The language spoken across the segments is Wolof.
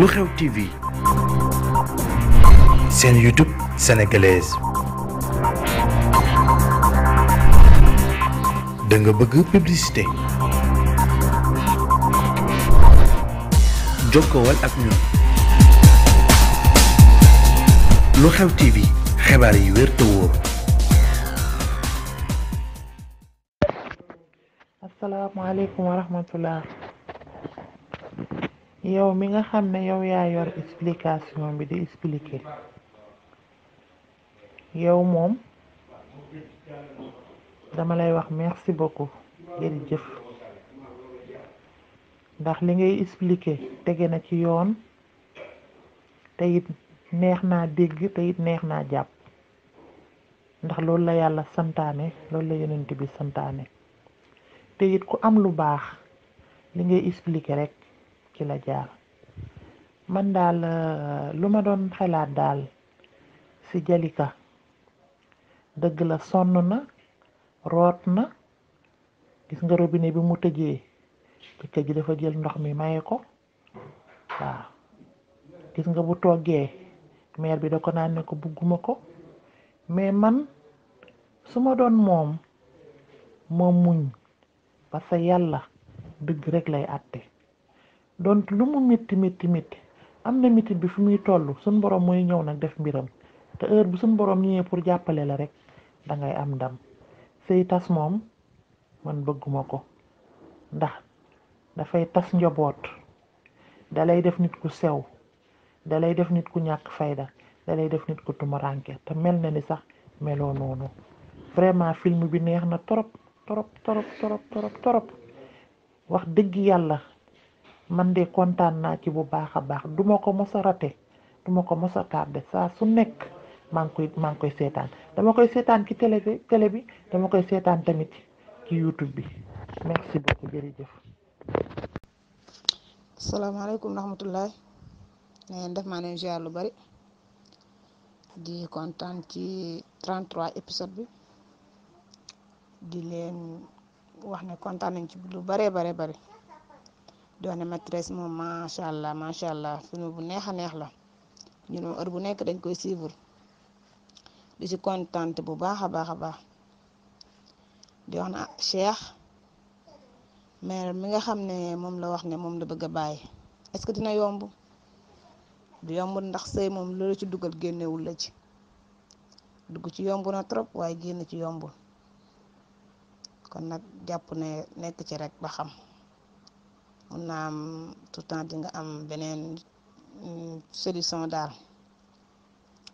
lu xew TV seen YouTube sénégalaise da nga bëgg publicité jokkowal ak ñun lu TV xibaar yi wér te wóor. asalaamaaleykum wa rahmatullah. yow mi nga xam ne yow yaa yor explication bi di expliquer yow moom dama lay wax merci beaucoup jëf ndax li ngay expliquer tege na ci yoon te it neex naa dégg te neex naa jàpp ndax loolu la yàlla santaane loolu la yonent bi santaane te ku am lu baax li ngay expliqué rek ci la jaar man daal euh, lu ma doon xalaat daal si Jalika dëgg la sonn na root na gis nga robine bi mu tëjee picc dafa jël ndox mi maye ko waaw gis nga bu toggee maire bi da ko naan ne ko bugguma ko mais man su ma doon moom moom muñ parce que yàlla dëgg rek lay àtte dont lu mu métti métti am na métti bi fu muy toll suñ borom mooy ñëw nag def mbiram te heure bi suñ borom ñëwee pour jàppale la rek da ngay am ndam sëy tas moom man bëgguma ko ndax dafay tas njaboot dalay def nit ku sew dalay def nit ku ñàkk fayda dalay def nit ku tumuranke te mel na ni sax meloo noonu vraiment film bi neex na torop torop torop torop torop wax dëgg yàlla man de kontaan naa ci bu baax a baax du ma ko mos a raté du ma ko mos a tardé saa su nekk maa ngi koy ngi koy seetaan dama koy seetaan ci télé bi télé bi dama koy seetaan tamit ci YouTube bi merci beaucoup jërëjëf. salaamaaleykum rahmatulah na ngeen def maa neen ziar lu bari di kontaan ci 33 épisode bi di leen wax ne kontaan nañ ci lu baree bare bari. ne maîtresse moom macha allah macha allah film bu neex a neex la ñun moom heure bu nekk dañ koy suivre di ci contente bu baax a baax a baax di wax na ah, Cheikh mais mi nga xam ne moom la wax ne moom la bëgg a bàyyi est-ce que dina yomb du yomb ndax sëy moom loolu ci duggal génnewul la ci dugg ci yomb na trop waaye génn ci yombul kon nag jàpp ne nekk ci rek ba xam. mun naa am tout temps di nga am beneen mm, solution daal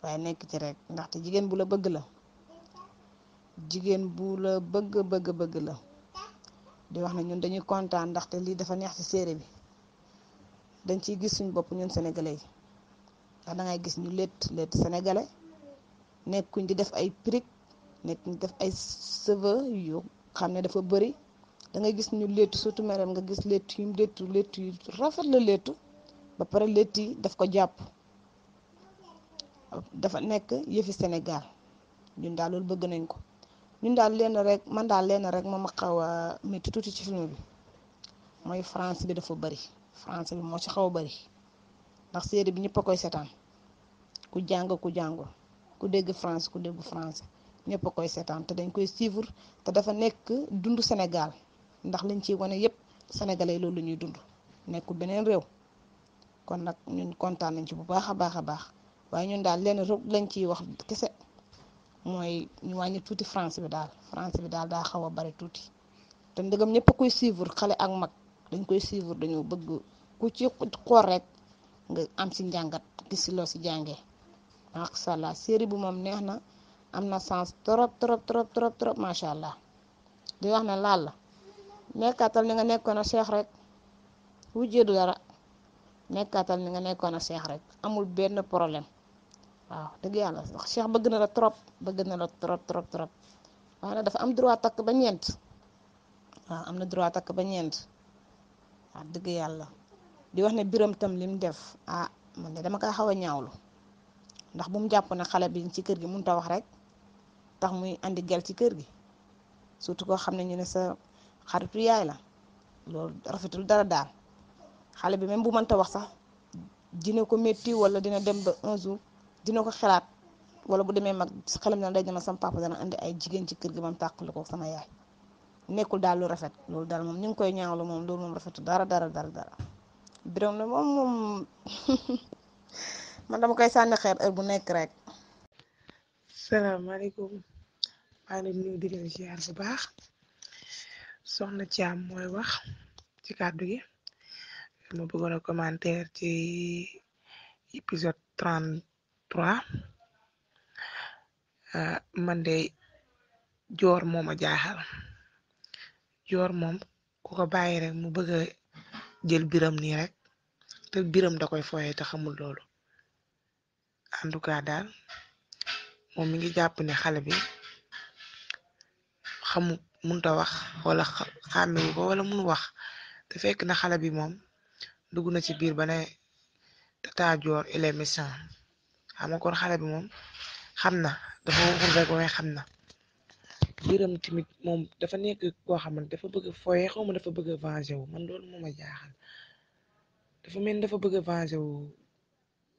waaye nekk ci rek ndaxte jigéen bu la bëgg la jigéen bu la bëgg bëgg bëgg la di wax ne ñun dañuy kontaan ndaxte lii dafa neex ci séeré bi dañ ciy gis suñu bopp ñun sénégalais yi ndax da gis ñu létt létt sénégalais nekkuñ di def ay prik nekkuñ di def ay cheveux yu xam ne dafa bari da ngay gis ñu létt surtout mereem nga gis létt yu mu léttu léttu yu rafet la léttu ba pare létt yi daf ko jàpp dafa nekk yëfi Sénégal ñun daal loolu bëgg nañ ko ñun daal lenn rek man daal lenn rek moom ma xaw a métti tuuti ci film bi mooy France bi dafa bari France bi moo ci xaw a bari ndax série bi ñëpp a koy seetaan ku jàng ku jàngul ku dégg France ku dégg France ñëpp koy seetaan te dañ koy suivre te dafa nekk dundu Sénégal ndax liñ ciy wane yëpp sénégale loolu la ñuy dund nekkul beneen réew kon nag ñun kontaan nañ ci bu baax a baax a baax waaye ñun daal lenn rek lañ ciy wax kese mooy ñu wàññi tuuti France bi daal France bi daal daa xaw a bari tuuti te ndegam ñëpp koy suivre xale ak mag dañ koy suivre dañoo bëgg ku ci xool rek nga am si njàngat gis si loo si jàngee macha allah série bu moom neex na am na sens trop trop trop trop trop macha allah di wax ne laal la. nekkaatal ni nga nekkoon a seex rek wujjee du dara nekkaatal ni nga nekkoon a seex rek amul benn problème waaw dëgg yàlla wax seex bëgg na la trop bëgg na la trop trop trop waaye nag dafa am droit takk ba ñeent waaw na droit takk ba dëgg yàlla di wax ne biram tam lim def ah man de dama koy xaw a ñaawlu ndax bu mu jàpp na xale bi ci kër gi mun a wax rek tax muy andi gel ci kër gi surtout koo xam ne ñu ne sa. xaritu yaay la loolu rafetul dara daal xale bi même bu mënta wax sax dina ko métti wala dina dem ba un jour dina ko xalaat wala bu demee mag xelam na day dama sama papa dana andi ay jigéen ci kër gi mam tàqali ko sama yaay nekkul daal lu rafet loolu daal moom ñu ngi koy ñaawlu moom loolu moom rafetul dara dara dara dara na moom moom man dama koy sànni xeer bu nekk rek salaamaaleykum maa ngi leen di nuyu di bu baax soxna Caam mooy wax ci kàddu gi ma bëggoon a commentaire ci épisode 33 ah, man de joor moom a jaaxal joor moom ku ko bàyyi rek mu bëgg a jël biram nii rek te biram da koy foye te xamul loolu en tout cas daal moom mi ngi jàpp ne xale bi xamul munta wax wala wala mun wax te fekk na xale bi moom dugg na ci biir ba ne tata joor il est méchant xam nga kon xale bi moom xam na dafa waxul rek waaye xam na biiram timit moom dafa nekk koo xamante dafa bëgg fooye xaw ma dafa bëgg venger wu man loolu moo ma jaaxal dafa mel dafa bëgg venger wu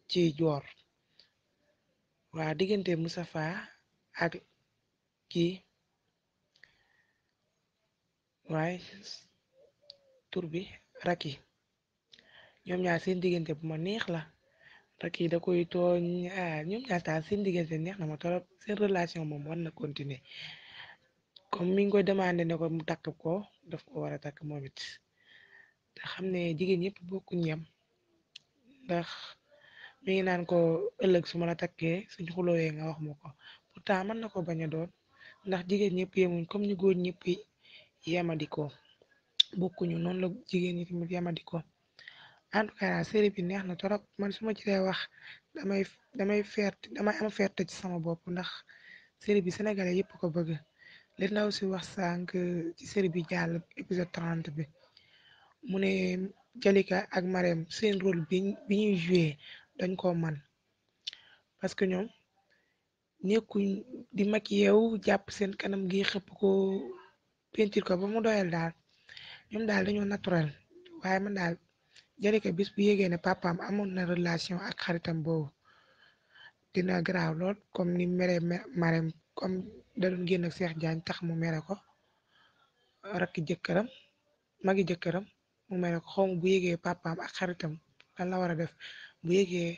ci joor waa diggante musafa ak kii waaye tour bi Racky ñoom ñaar seen diggante bu ma neex la Racky da koy tooñ ah, ñoom ñaar taal seen diggante neex na ma torop seen relation moom war na continuer comme mi ngi koy demande ne ko mu takk ko daf ko war a takk moom it xam ne jigéen yëpp bokkuñ yem ndax mi ngi naan ko ëllëg su ma la takkee suñ xulooyee nga wax ma ko pourtant mën na ko bañ a ndax jigéen ñëpp yemuñ comme ñu yemadikoo bokkuñu noonu la jigéen ñi tamit yemadikoo en tout cas série bi neex na torop man su ma ci lay wax damay damay ferte damay am ferte ci sama bopp ndax série bi sénégalais yëpp ko bëgg li ndaw si wax sànq ci série bi jàll épisode 30 bi mu ne ak Marème seen rôle bi bi ñuy joué dañ koo man parce que ñoom nekkuñ di mag yeew jàpp seen kanam gi xëpp ko peinture ko ba mu doyal daal ñoom daal dañoo naturel waaye man daal Jalika bis bu yégee ne papaam amoon na relation ak xaritam boobu dina garaaw lool comme ni mere marem comme da doon génn ak Cheikh Diagne tax mu mere ko rakki jëkkëram magi jëkkëram mu mere ko xawma bu yégee papaam ak xaritam lan la war a def bu yégee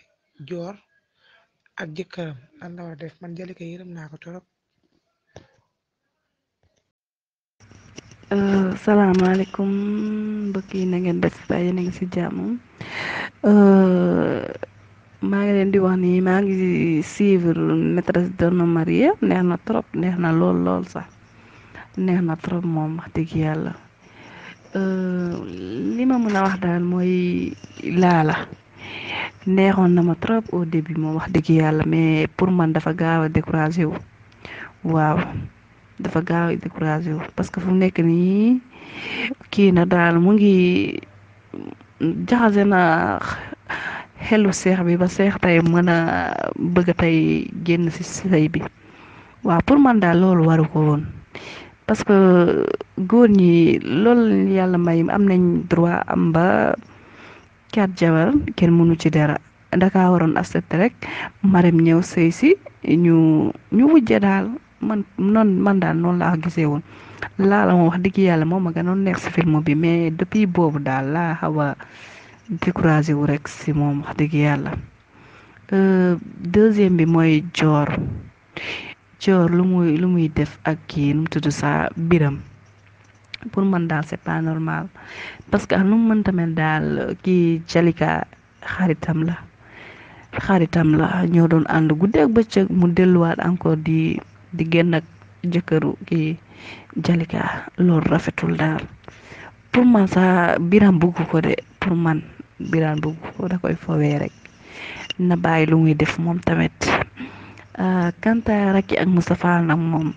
joor ak jëkkëram lan la war def man Jalika yërëm naa ko torop Euh, salaamaaleykum mbokk yi na ngeen def ba yéen a si jàmm euh, maa ngi leen di wax nii maa ngi suivre maîtresse d'un homme marié neex na trop neex na lool lool sax neex na trop moom wax dëgg yàlla euh, li ma mën a wax daal mooy laala neexoon na ma trop au début moom wax dëgg yàlla mais pour man dafa gaaw a découragé wu waaw. dafa gaaw a découragé parce que fu mu nekk nii kii na daal mu ngi jaxase na xelu seex bi ba seex tey mën a bëgg tey génn ci bi waaw pour man daal loolu waru ko woon parce que góor ñi loolu yàlla may am nañ droit am ba quatre jabar kenn mënu ci dara daka waroon accepté rek marem ñëw sey si ñu ñu wujje daal man noonu man daal noonu laa gisee woon laa wax dëgg yàlla moom a gënoon neex si film bi mais depuis boobu daal laa xaw a découragé wu rek si moom wax dëgg yàlla euh, deuxième bi mooy joor joor lu muy lu muy def ak kii nu mu tudd biram pour man daal c'est pas normal parce que nu mu mën tamit daal kii Jalika xaritam la xaritam la ñoo doon ànd guddeeg bëccëg mu delluwaat encore di. di nag ak jëkkëru kii Jalika loolu rafetul daal pour man sax Biram bugg ko de pour man Biram bugg ko da koy fowee rek na bàyyi lu muy def moom tamit ah, Kanta Racky ak Moustapha nag moom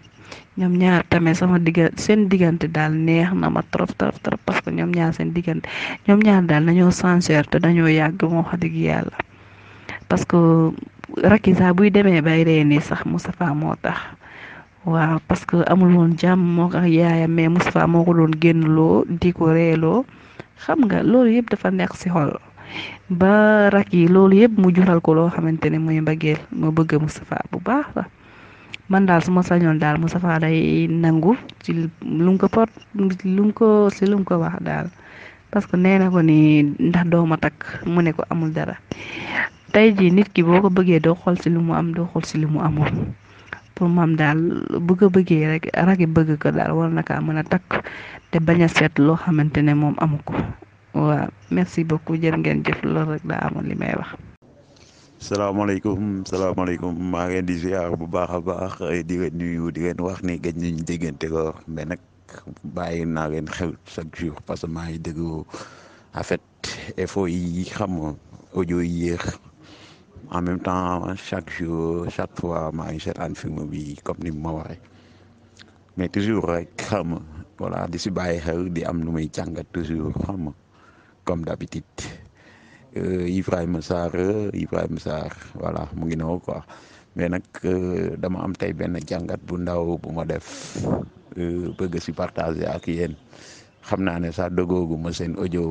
ñoom ñaar tamit sama diggante seen diggante daal neex na ma trop trop parce que ñoom ñaar seen diggante ñoom ñaar daal dañoo sincère te dañoo yàgg moo wax dëgg yàlla parce que Racky sax buy demee bay ree sax Moustapha moo tax. waaw parce que amul woon jàmm moo ko yaayam mais Moustapha moo ko doon génn loo di ko reeloo xam nga loolu yëpp dafa nekk ci xol ba rak yi loolu yëpp mu jural ko loo xamante ne muy mbëggeel ma bëgg Moustapha bu baax man daal su ma sañoon daal Moustapha day nangu ci mu ko pot mu ko ci lu mu ko wax daal parce que nee na ko ni ndax doo ma takk mu ne ko amul dara tey jii nit ki boo ko bëggee doo xool ci lu mu am doo xool ci lu mu amul. pour moom daal bu bëggee rek ragi bëgg ko daal war na kaa mën a takk te bañ a seet loo xamante ne moom amu ko waaw merci beaucoup jërë ngeen jëf loolu rek daa amoon li may wax. salaamaaleykum salaamaaleykum maa ngi leen di ziar bu baax a baax di leen nuyu di leen wax ni gëj nañu déggante ko mais nag bàyyi naa leen xel chaque jour parce que maa ngi déglu en fait info yi xam audio yi yéex. en même temps chaque jour chaque fois maa ngi seetaan film bi comme ni ma waxee mais toujours rek xam nga di si bàyyi xel di am lu may jàngat toujours xam nga comme d'habitude euh, Ibrahima Sarr Ibrahima Sarr voilà mu ngi noonu quoi mais nag euh, dama am tey benn jàngat bu ndaw bu ma def euh, bëgg si partager ak yéen xam naa ne sax dëggoogu ma seen audio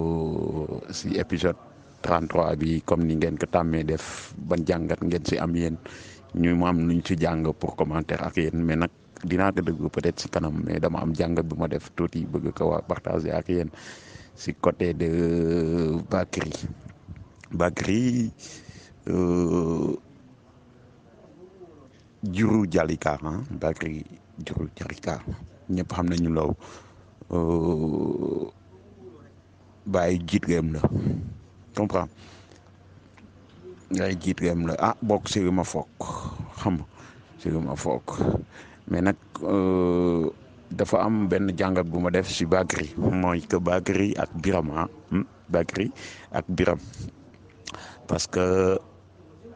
si épisode. 33 bi comme ni ngeen ko tàmmee def ba jàngat ngeen si am yéen ñu mu am nuñ si jàng pour commentaire ak yéen mais nag dinaa ko dëgg peut-être si kanam mais dama am jàngat bu ma def tuuti bëgg ko waa partager ak yen si côté de Bakary Bakary euh, Juru Jalika ah Bakary Juru Jalika ñëpp xam nañu loolu euh, bàyyi jiit la. comprends ngay jiit gam la ah bokk sirima fook xam sirima fook mais nag euh, dafa am benn jàngat bu ma def si Bakary mooy que Bakary ak Biram ah, hmm, ak Biram parce que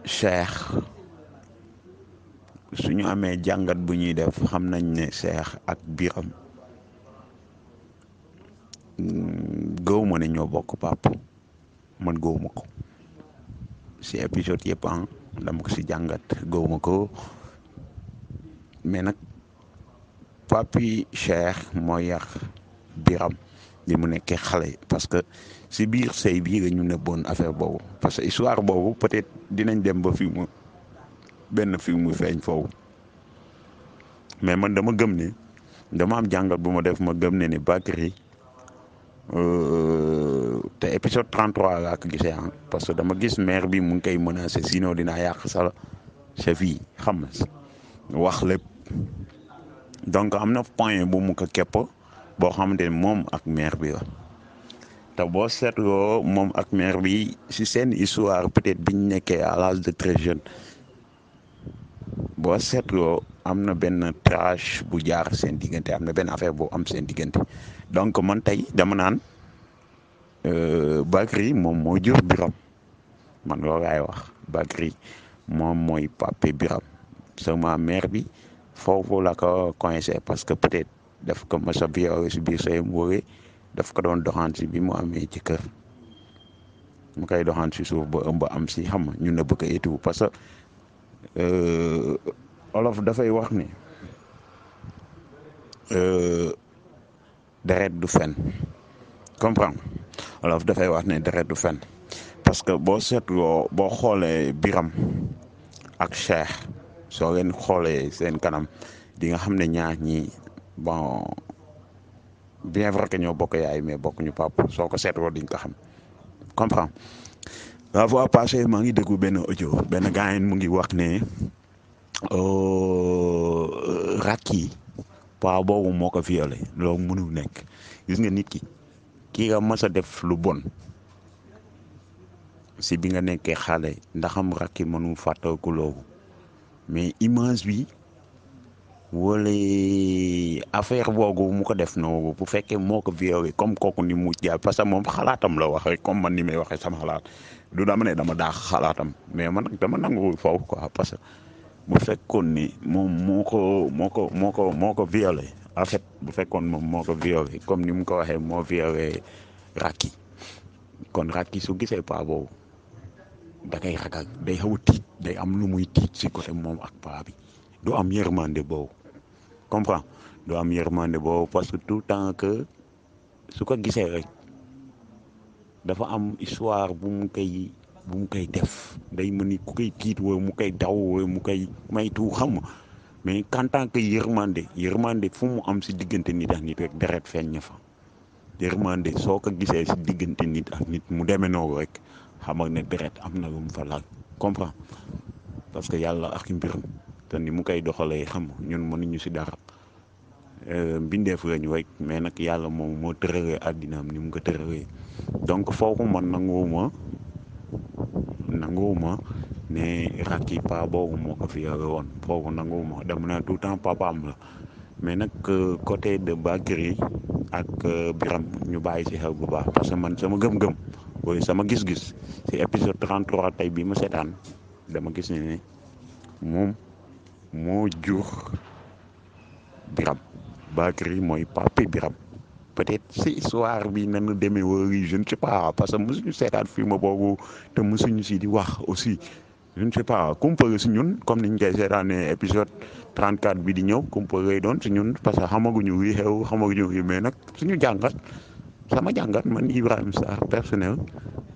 Cheikh su ñu amee jàngat bu ñuy def xam nañ ne Cheikh ak Biram hmm, gëw ma ne ñoo bokk pap man gowma ko si épisode yëpp ah dama ko si jàngat gowma ko mais nag papi Cheikh moo yàq biram li mu nekkee xale parce que si biir sëy bii la ñu nëbboon affaire boobu parce que histoire boobu peut-être dinañ dem ba fi mu benn fi mu feeñ foofu mais man dama gëm ne dama am jàngat bu ma def ma gëm ne ni Bakary Euh, te épisode 33 laa ko gise ah parce que dama gis maire bi mu ngi koy menacé sinon dina yàq sa sa vie xam nga wax lépp donc am na point bu mu ko képp boo xamante ne moom ak maire bi la te boo seetloo moom ak maire bi si seen histoire peut-être biñ nekkee à l'âge de très jeunes boo seetloo. am na benn tâche bu jaar seen diggante am na benn affaire bu am seen diggante donc man tey dama naan euh, Bakary moom moo jur Biram man loolu laay wax Bakary moom mooy pape Biram sama mère bi foofu la ko parce que peut-être daf ko mos a violé si biir sayam daf ko doon doxaan si bi mu amee ci kër mu koy doxaan si suuf ba ëmb am si xam ñu ne bëgg a parce que. Euh, olof dafay wax ni euh, deret du fen comprendre olof dafay wax ne deret du fen parce que boo seetloo boo xoolee biram ak Cheikh soo leen xoolee seen kanam di nga xam ne ñaar ñi bon bien vrai que ñoo bokk yaay mais bokkuñu pap soo ko seetloo di nga ko xam comprendre la fois passée maa ngi déglu benn audio benn gars mu ngi wax ne. rakk yi paa boobu moo ko violé loolu mënul nekk gis nga nit ki kii nga mës def lu bon si bi nga nekkee xaale ndaxam rakk yi mënul fàttaliku loolu mais image bi wala affaire boobu mu def noonu bu fekkee moo ko violé comme kooku ni mu jaay que moom xalaatam la waxee comme man ni may waxee sama xalaat du dama ne dama daax xalaatam mais man nag dama nanguwul foofu quoi parce que. bu fekkoon ni moom moo ko moo ko moo ko moo ko violé en fait bu fekkoon moom moo ko violé comme ni mu ko waxee moo violé Racky kon Racky su gisee paa boobu da kay ragal day xaw tiit day am lu muy tiit si côté moom ak paa bi du am yërmande boobu comprends du am yërmande boobu parce que tout temps que su ko gisee rek dafa am histoire bu mu koy bu mu koy def day man ni ku koy tiit wooyu mu koy daw wooyu mu koy maytu xam mais en tant que yërmande yërmande fu mu am si diggante nit ak nit rek deret feeñ na fa yërmande soo ko gisee si diggante nit ak nit mu demee noonu rek xam xamal ne deret am na lu mu fa laaj comprend parce que yàlla ak mbiram te ni mu koy doxalee xam ñun mënuñu si dara euh, mbindeef lañu rek mais nag yàlla moom moo tëralee àddinaam ni mu ko tëralee donc foofu man nanguwuma nanguwuma ne rakki pa boobu moo ko violé woon foofu nanguwuma dama ne tout temps am la mais nag euh, côté de Bakary ak euh, Biram ñu bàyyi si xel bu baax parce que man sama gëm-gëm wala sama gis-gis si épisode 33 tey bii ma seetaan dama gis ne ne moom moo jur Biram Bakary mooy papi Biram peut-être si histoire bi na demee wóori je ne sais parce que mu mosuñu seetaan film boobu te mosuñu si di wax aussi je ne sais pas kumpare si ñun comme niñ koy seetaanee épisode 34 bi di ñëw kumpare yi doon si ñun parce que xamaguñu wi xew xamaguñu wi mais nag suñu jàngat sama jàngat man Ibrahima Sarr personnel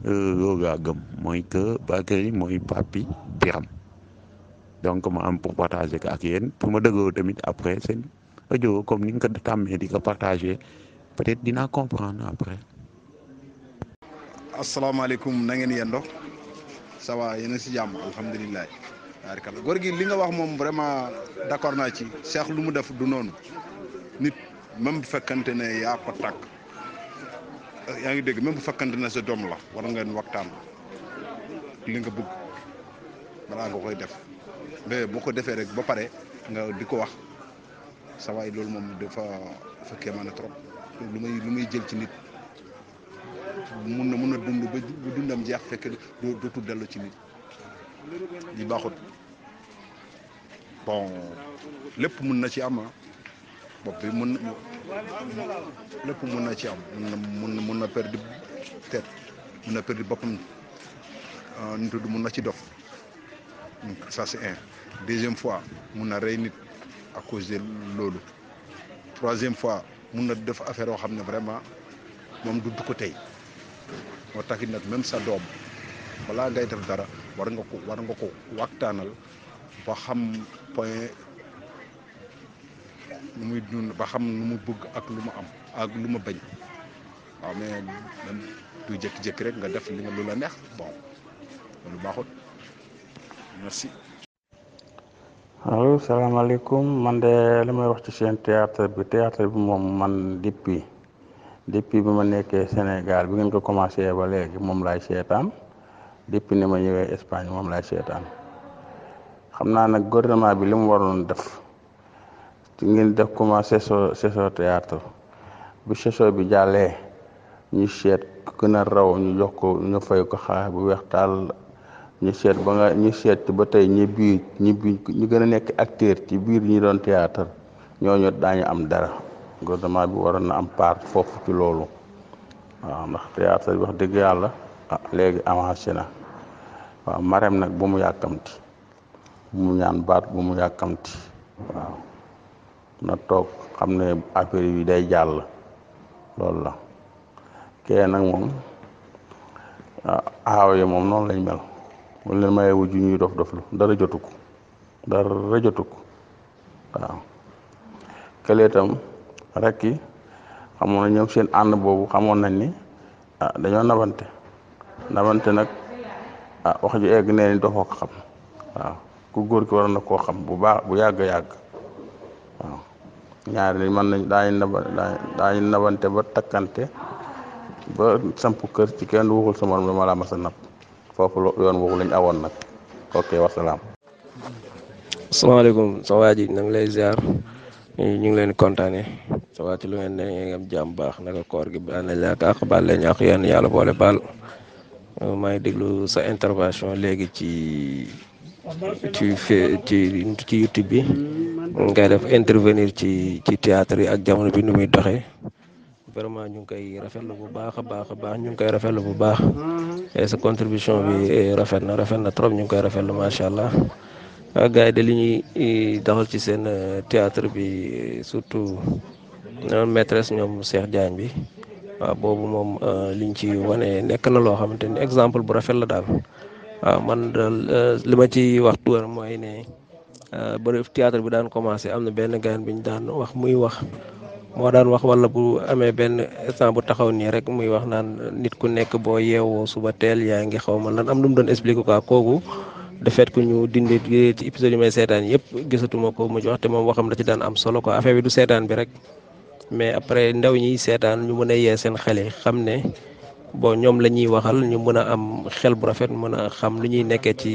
euh, loolu laa gëm mooy que Bakary mooy papi Biram donc ma am pour partager ko ak yéen pour ma dëggoo tamit après seen audio comme ni nga ko tàmmee di peut-être dinaa comprendre après. asalaamaaleykum na ngeen yendoo ça va yéen si jàmm alhamdulilah. waaw góor gi li nga wax moom vraiment d'accord naa ci Cheikh lu mu def du noonu nit même bu fekkante ne yaa ko takk yaa ngi dégg même bu fekkante ne sa doom la war ngeen waxtaan li nga bëgg balaa nga koy def mais boo ko defee rek ba pare nga di ko wax ça va loolu moom dafa fekkee ma ne trop. lu may lu may jël ci nit mun na mun na dund ba dundam jeex fekk doo dootul dellu ci nit li bon lépp mun na ci am ah bi mun lépp mun na ci am mun na mun mun na perdi tête mun na perdi ah, mun na ci dof donc ça un deuxième fois mun na rey nit à cause de loolu troisième fois. mun na def affaire yoo xam ne vraiment moom du du ko tey moo taxit nag même sa doom balaa ngay def dara war nga ko war nga ko waxtaanal ba xam point nu muy dund ba xam nu mu bëgg ak lu mu am ak lu mu bañ waaw mais du jékki-jékki rek nga def li nga lu la neex bon loolu baaxut merci. allo salaamaaleykum man de li may wax ci seen théâtre bi théâtre bi moom man depuis dépuis bi ma nekkee Sénégal bi ngeen ko commencé ba léegi moom laay seetaan dépuis ni ma ñëwee Espagne moom laay seetaan xam naa ne gouvernement bi li mu waroon def ngeen def commencé so saison théâtre bu saison bi jàllee ñu seet ku gën a raw ñu jox ko ñu fay ko xaalis bu weex taal ñu seet ba nga ñu seet ba tey ñi biir ñi biir ñu gën a nekk acteur ci biir ñi doon théâtre ñooñu daañu am dara gouvernement bi waroon na am part foofu ci loolu waaw ndax théâtre bi wax dëgg yàlla ah léegi avancé na waaw marem nag bu mu yàkkamti bu mu ñaan baat bu mu yàkkamti waaw na toog xam ne affaire yi day jàll loolu la kee nag moom ah, aaw yi moom noonu lañ mel wala leen maye wu ju ñuy dof doflu dara jotu ko dara jotu ko waaw kële itam rakk yi xamoon na ñoom seen ànd boobu xamoon nañ ni ah, dañoo nabante nabante nag a ah, wax ju egg nee ni dofoo ko xam ku góor ki war na koo xam bu baax bu yàgg yàgg waaw ñaari ni mën nañ daa naba daañu nabante ba takkante ba samp kër ci kenn waxul sa morom dama laa mas a napp foofu yoon woowu lañ awoon nag ok wasalaam. asalaamaaleykum sa waa ji na ngi lay ziar ñu ngi leen kontaane sa waa ci lu ngeen ne ngeen am jàmm baax naka koor gi baal nañ la àq baal la ñu àq yéen yàlla boole baal maa ngi déglu sa intervention léegi ci ci ci ci YouTube bi ngay def intervenir ci ci théâtre yi ak jamono bi nu muy doxee. vraiment ñu ngi koy rafetlu bu baax a baax a baax ñu ngi koy rafetlu bu baax sa contribution bi rafet na rafet na trop ñu ngi koy rafetlu macha allah ah, gars de li ñuy daxal ci seen euh, théâtre bi surtout euh, maîtresse ñoom Cheikh Diagne bi waaw ah, boobu moom euh, liñ ci wane nekk na loo xamante ni exemple bu rafet la daal waaw ah, man daal li ma ci wax tuur mooy ne ba théâtre bi daan commencé am na benn gaan bi ñu daan wax muy wax. moo daan wax wala bu amee benn instant bu taxaw nii rek muy wax naan nit ku nekk boo yeewoo suba teel yaa ngi xaw ma lan am lu mu doon expliqué quoi kooku de fait ñu dindi ci épisode yi may seetaan yëpp gisatuma ko mu jox te moom waxam da ci daan am solo quoi affaire bi du seetaan bi rek mais après ndaw ñiy seetaan ñu mën a yee seen xel xam ne bon ñoom la ñuy waxal ñu mën a am xel bu rafet mën a xam lu ñuy nekkee ci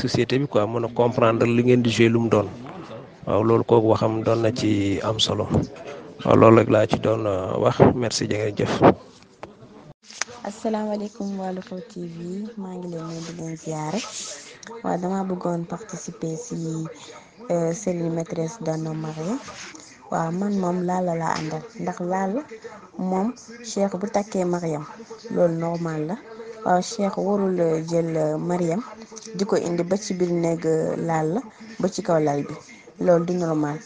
société bi quoi mën a comprendre li ngeen di joué lu mu doon loolu kooku waxam doon na ci am solo. waaw loolu rek laa ci doon euh, wax merci jërëjëf. asalaamaaleykum waa Louxew TV maa ngi leen nuyu di dama bëggoon participer si euh, série maîtresse d'un homme marié waaw man moom laala laa àndal ndax laal moom Cheikh bu takkee Mariam loolu normal la waaw Cheikh warul euh, jël Mariam di ko indi ba ci biir néeg la ba ci kaw laal bi loolu du normal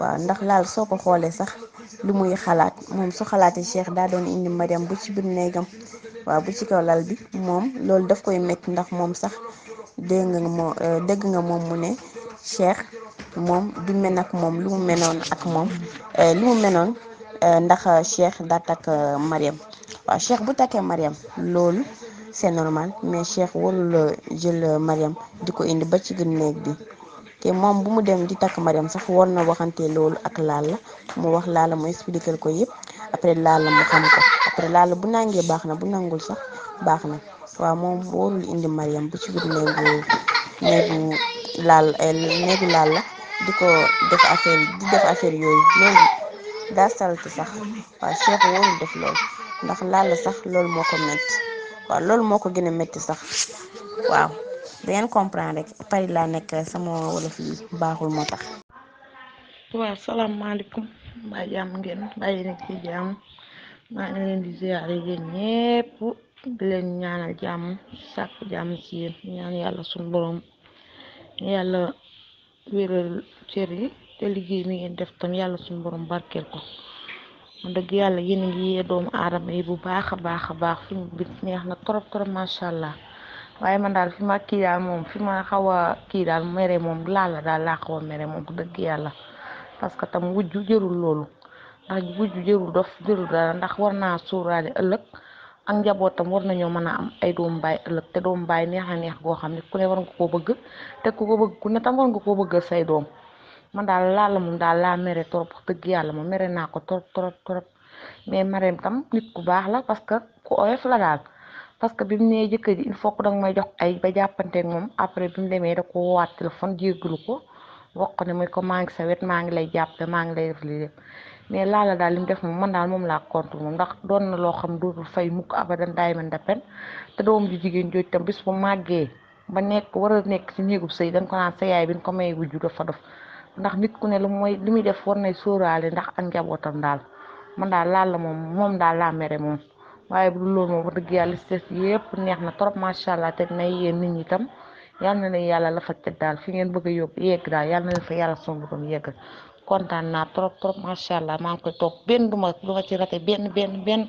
waaw ndax laal soo ko xoolee sax. lu muy xalaat moom su xalaatee Cheikh daa doon indi Mariam bu ci biir néegam waaw bu ci kaw lal bi moom loolu daf koy métti ndax moom sax dégg nga moo euh, dégg nga moom mu ne Cheikh moom du men ak moom lu mu menoon ak moom euh, lu mu menoon euh, ndax Cheikh daa takk Mariam waaw Cheikh bu takkee Mariam loolu c'est normal mais Cheikh warul jël Mariam di ko indi ba ci biir néeg bi. te moom bu mu dem di takk Mariam sax war na waxante loolu ak laal la mu wax Lalla mu expliquer ko yëpp après Lalla mu xam ko après Lalla bu nangee baax na bu nangul sax baax na waaw moom warul indi Mariam bu ci biir néegu néegu Lalla eh, néegu Lalla di ko def affaire di def affaire yooyu loolu sax waaw Cheikh warul def loolu ndax laal sax loolu moo ko metti waaw loolu moo ko gën a metti sax waaw da ngeen rek Paris laa nekk sama wolof yi baaxul moo tax. waaw salaamaaleykum mbaa jàmm ngeen mbaa jàmm maa ngi leen di ziare yéen ñëpp di jàmm sàkk jàmm ci yéen ñaan yàlla suñu borom yàlla wéral cër yi te liggéey mi ngeen def tam yàlla suñu borom barkeel ko wax yàlla yéen a ngi yee doomu aadama yi bu baax a baax a baax suñu neex na trop trop macha allah. waaye man daal fi ma kii moom fi ma xaw a kii daal moom laal la daal laa xaw a mere moom dëgg yàlla parce que tam wujju jërul loolu ndax wujju jërul dof jërul dara ndax war naa suuraale ëllëg ak njabootam war nañoo mën a am ay doom baay ëllëg te doom baay neex a neex goo xam ne ku ne war ko koo bëgg te ku ko bëgg ku ne tam war nga koo bëgg say doom man daal laal la moom daal laa mere trop dëgg yàlla moom mere naa ko trop trop trop mais mareem tam nit ku baax la parce que ku parce que bi mu nee jëkkër ji il faut que danga jox ay ba jàppanteeg moom après bi mu demee da ko woowaat téléphone jéggalu ko wax ko ne muy ko maa ngi sa wet maa ngi lay jàppale maa ngi lay def lii lépp mais laala daal li mu def moom man daal moom laa contre moom ndax doon na loo xam dootul fay mukk abadan daay man da te doom ju jigéen jooj tam bis bu màggee ba nekk war nekk ci néegub sëy dañ ko naan sa yaay bi ko may wujju dafa dof ndax nit ku ne lu mooy li muy def war nay sóoraale ndax a njabootam daal man daal laala moom moom daal laa mere moom waaye bu dul loolu moom wax dëgg yàlla si des yëpp neex na trop macha allah te na yéen nit ñi tam yal na leen yàlla la faj teg daal fi ngeen bëgg a yóbbu yegg daal yal na leen fa yàlla son bëggam yegg kontaan naa trop trop macha allah maa ngi koy toog benn du ma du ci rate benn benn benn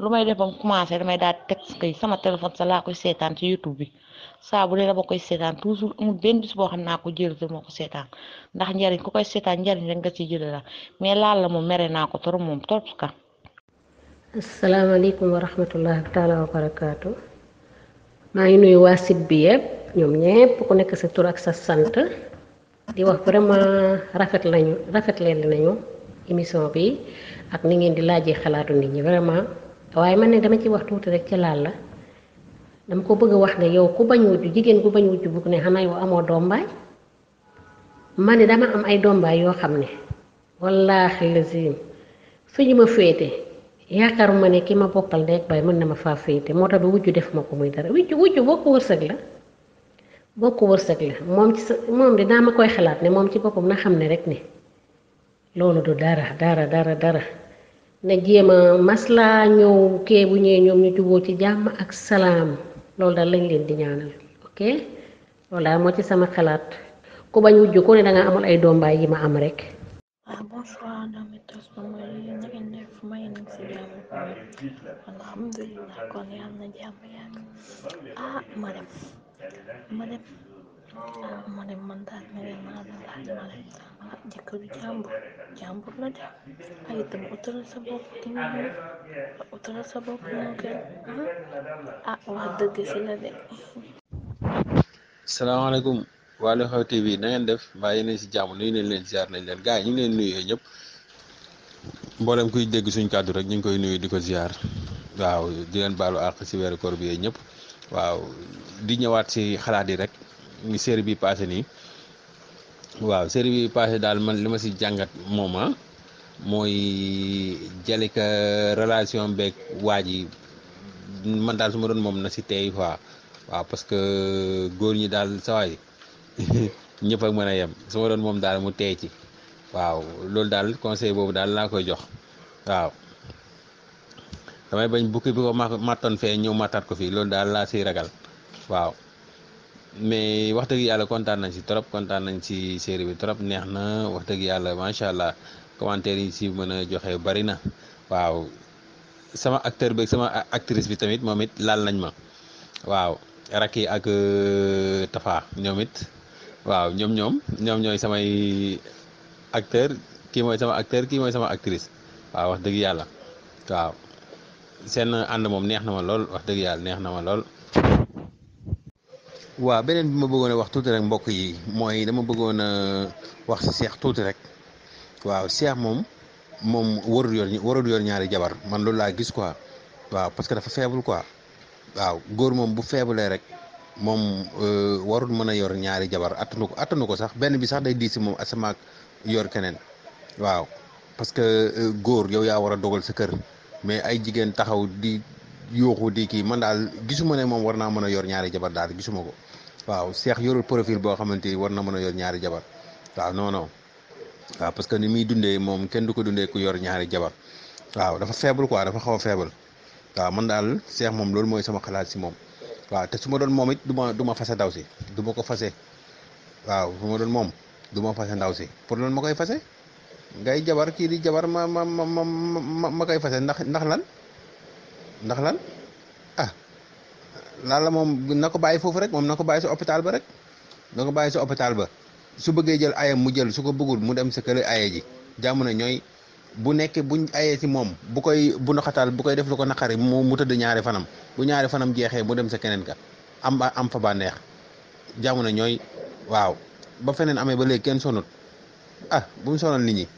lu may def ba commencé damay daal texte yi sama téléphone sa koy seetaan ci YouTube bi saa bu dee dama koy seetaan toujours benn boo xam naa ko jël moo ko seetaan ndax njariñ ko koy seetaan njariñ rek nga ci jëlee la mais laal la moom mere naa ko trop moom trop ka asalaamaaleykum wa rahmatullahi taala wa barakaatu maa ngi nuyu waa sit bi yëpp ñoom ñëpp ku nekk sa tur ak sa sant di wax vraiment rafet lañu rafet leen nañu émission bi ak ni ngeen di laajee xalaatu nit ñi vraiment waaye ma ne dama ci wax tuuti rek ci laal la dama ko bëgg a wax ne yow ku bañ wujju jigéen ku bañ wujju bugg ne xanaa yow amoo doombaay ma ne dama am ay doombaay yoo xam ne wallaahi lazim fi ñu ma féete yaakaar ma ne ki ma bokkal nekk bay mën na ma faa féete moo tax ba wujju def ko muy dara wujju wujju bokk wërsëg la bokk wërsëg la moom ci sa moom de daa ma koy xalaat ne moom ci boppam na xam ne rek ne loolu du dara dara dara dara na jéem a maslaa ñëw bu ñëwee ñoom ñu juboo ci jàmm ak salaam loolu daal lañ leen di ñaanal ok loolu daal moo ci sama xalaat ku bañ wujju ko ne da amul ay doom baay yi ma am rek. waaw ah, bonsoir doomi tos ba mooy li na ngeen def fu may nag si jàmm alhamdulilah kon yàlla na jàmm yàgg ah ma dem ma dem ah ma dem man daal ma dem ma daal ma dem ah jëkkëru jàmbur jàmbur la dem ay itam utal sa bopp ki ñu utal sa bopp ñoo gën ah wax ah, dëgg si la de salaamaaleykum waa Lu Xew TV na ngeen def mbaa yéen si jàmm nuyu nañ leen ziar nañ leen gars yi ñu ngi leen nuyoo ñëpp mboolem kuy dégg suñ kàddu rek ñu ngi koy nuyu di ko ziar waaw di leen baalo àq si weeru koor bi yooyu ñëpp waaw di ñëwaat si xalaat yi rek ni série bi passé nii waaw série bi paase daal man li ma si jàngat moom ah mooy Jalika relation beeg waa ji man daal su ma doon moom na si tey fois waaw parce que góor ñi daal sawaay ñëpp ak mën a yem su doon moom daal mu tey ci waaw loolu daal conseil boobu daal laa koy jox waaw damay bañ bukki bi ko mattoon fee ñëw mattaat ko fii loolu daal laa siy ragal waaw mais wax dëgg yàlla kontaan nañ si trop kontaan nañ si série bi trop neex na wax dëgg yàlla macha allah commentaire yi si mën a joxe bari na waaw sama acteur bi sama actrice bi tamit moom it laal nañ ma waaw Racky ak euh, Tafa ñoom it. waaw ñoom ñoom ñoom ñooy samay acteur kii mooy sama acteur kii mooy sama actrice waaw wax dëgg yàlla waaw seen ànd moom neex na ma lool wax dëgg yàlla neex na ma lool. waaw beneen bi ma bëggoon wax tuuti rek mbokk yi mooy dama bëggoon a wax si Cheikh tuuti rek waaw Cheikh moom moom warul yor warul yor ñaari jabar man loolu laa gis quoi waaw parce que dafa feebul quoi waaw góor moom bu feebulee rek. moom euh, warul mën a yor ñaari jabar attanu ko attanu ko sax benn bi sax day diis si moom asamaak yor keneen waaw parce que euh, góor yow yaa war a dogal sa kër mais ay jigéen taxaw di yooxu di kii man daal gisuma ne moom war naa mën a yor ñaari jabar daal gisuma ko waaw seex yorul profil boo xamante ni war na mën a yor ñaari jabar waaw non non parce que ni muy dundee moom kenn du ko dundee ku yor ñaari jabar waaw dafa faible quoi dafa xaw a feebal waaw man daal seex moom loolu mooy sama xalaat si moom. waaw te su ma doon moom it du ma du ma fase ndaw si du ma ko fase waaw su ma doon moom du ma fase ndaw si pour lan ma koy fase ngay jabar kii di jabar ma ma ma ma ma koy fase ndax ndax lan ndax lan ah la moom na ko bàyyi foofu rek moom na ko bàyyi si hôpital ba rek na ko bàyyi sa hôpital ba su bëggee jël ayam mu jël su ko bëggul mu dem sa kër aye ji jàmm na ñooy. bu nekkee buñ ayee ci moom bu koy bu nu bu koy def lu ko naqari mu mu tëdd ñaari fanam bu ñaari fanam jeexee mu dem sa keneen ka am ba am fa bànneex jamono ñooy waaw ba feneen amee ba léegi kenn sonut ah bu mu sonal nit ñi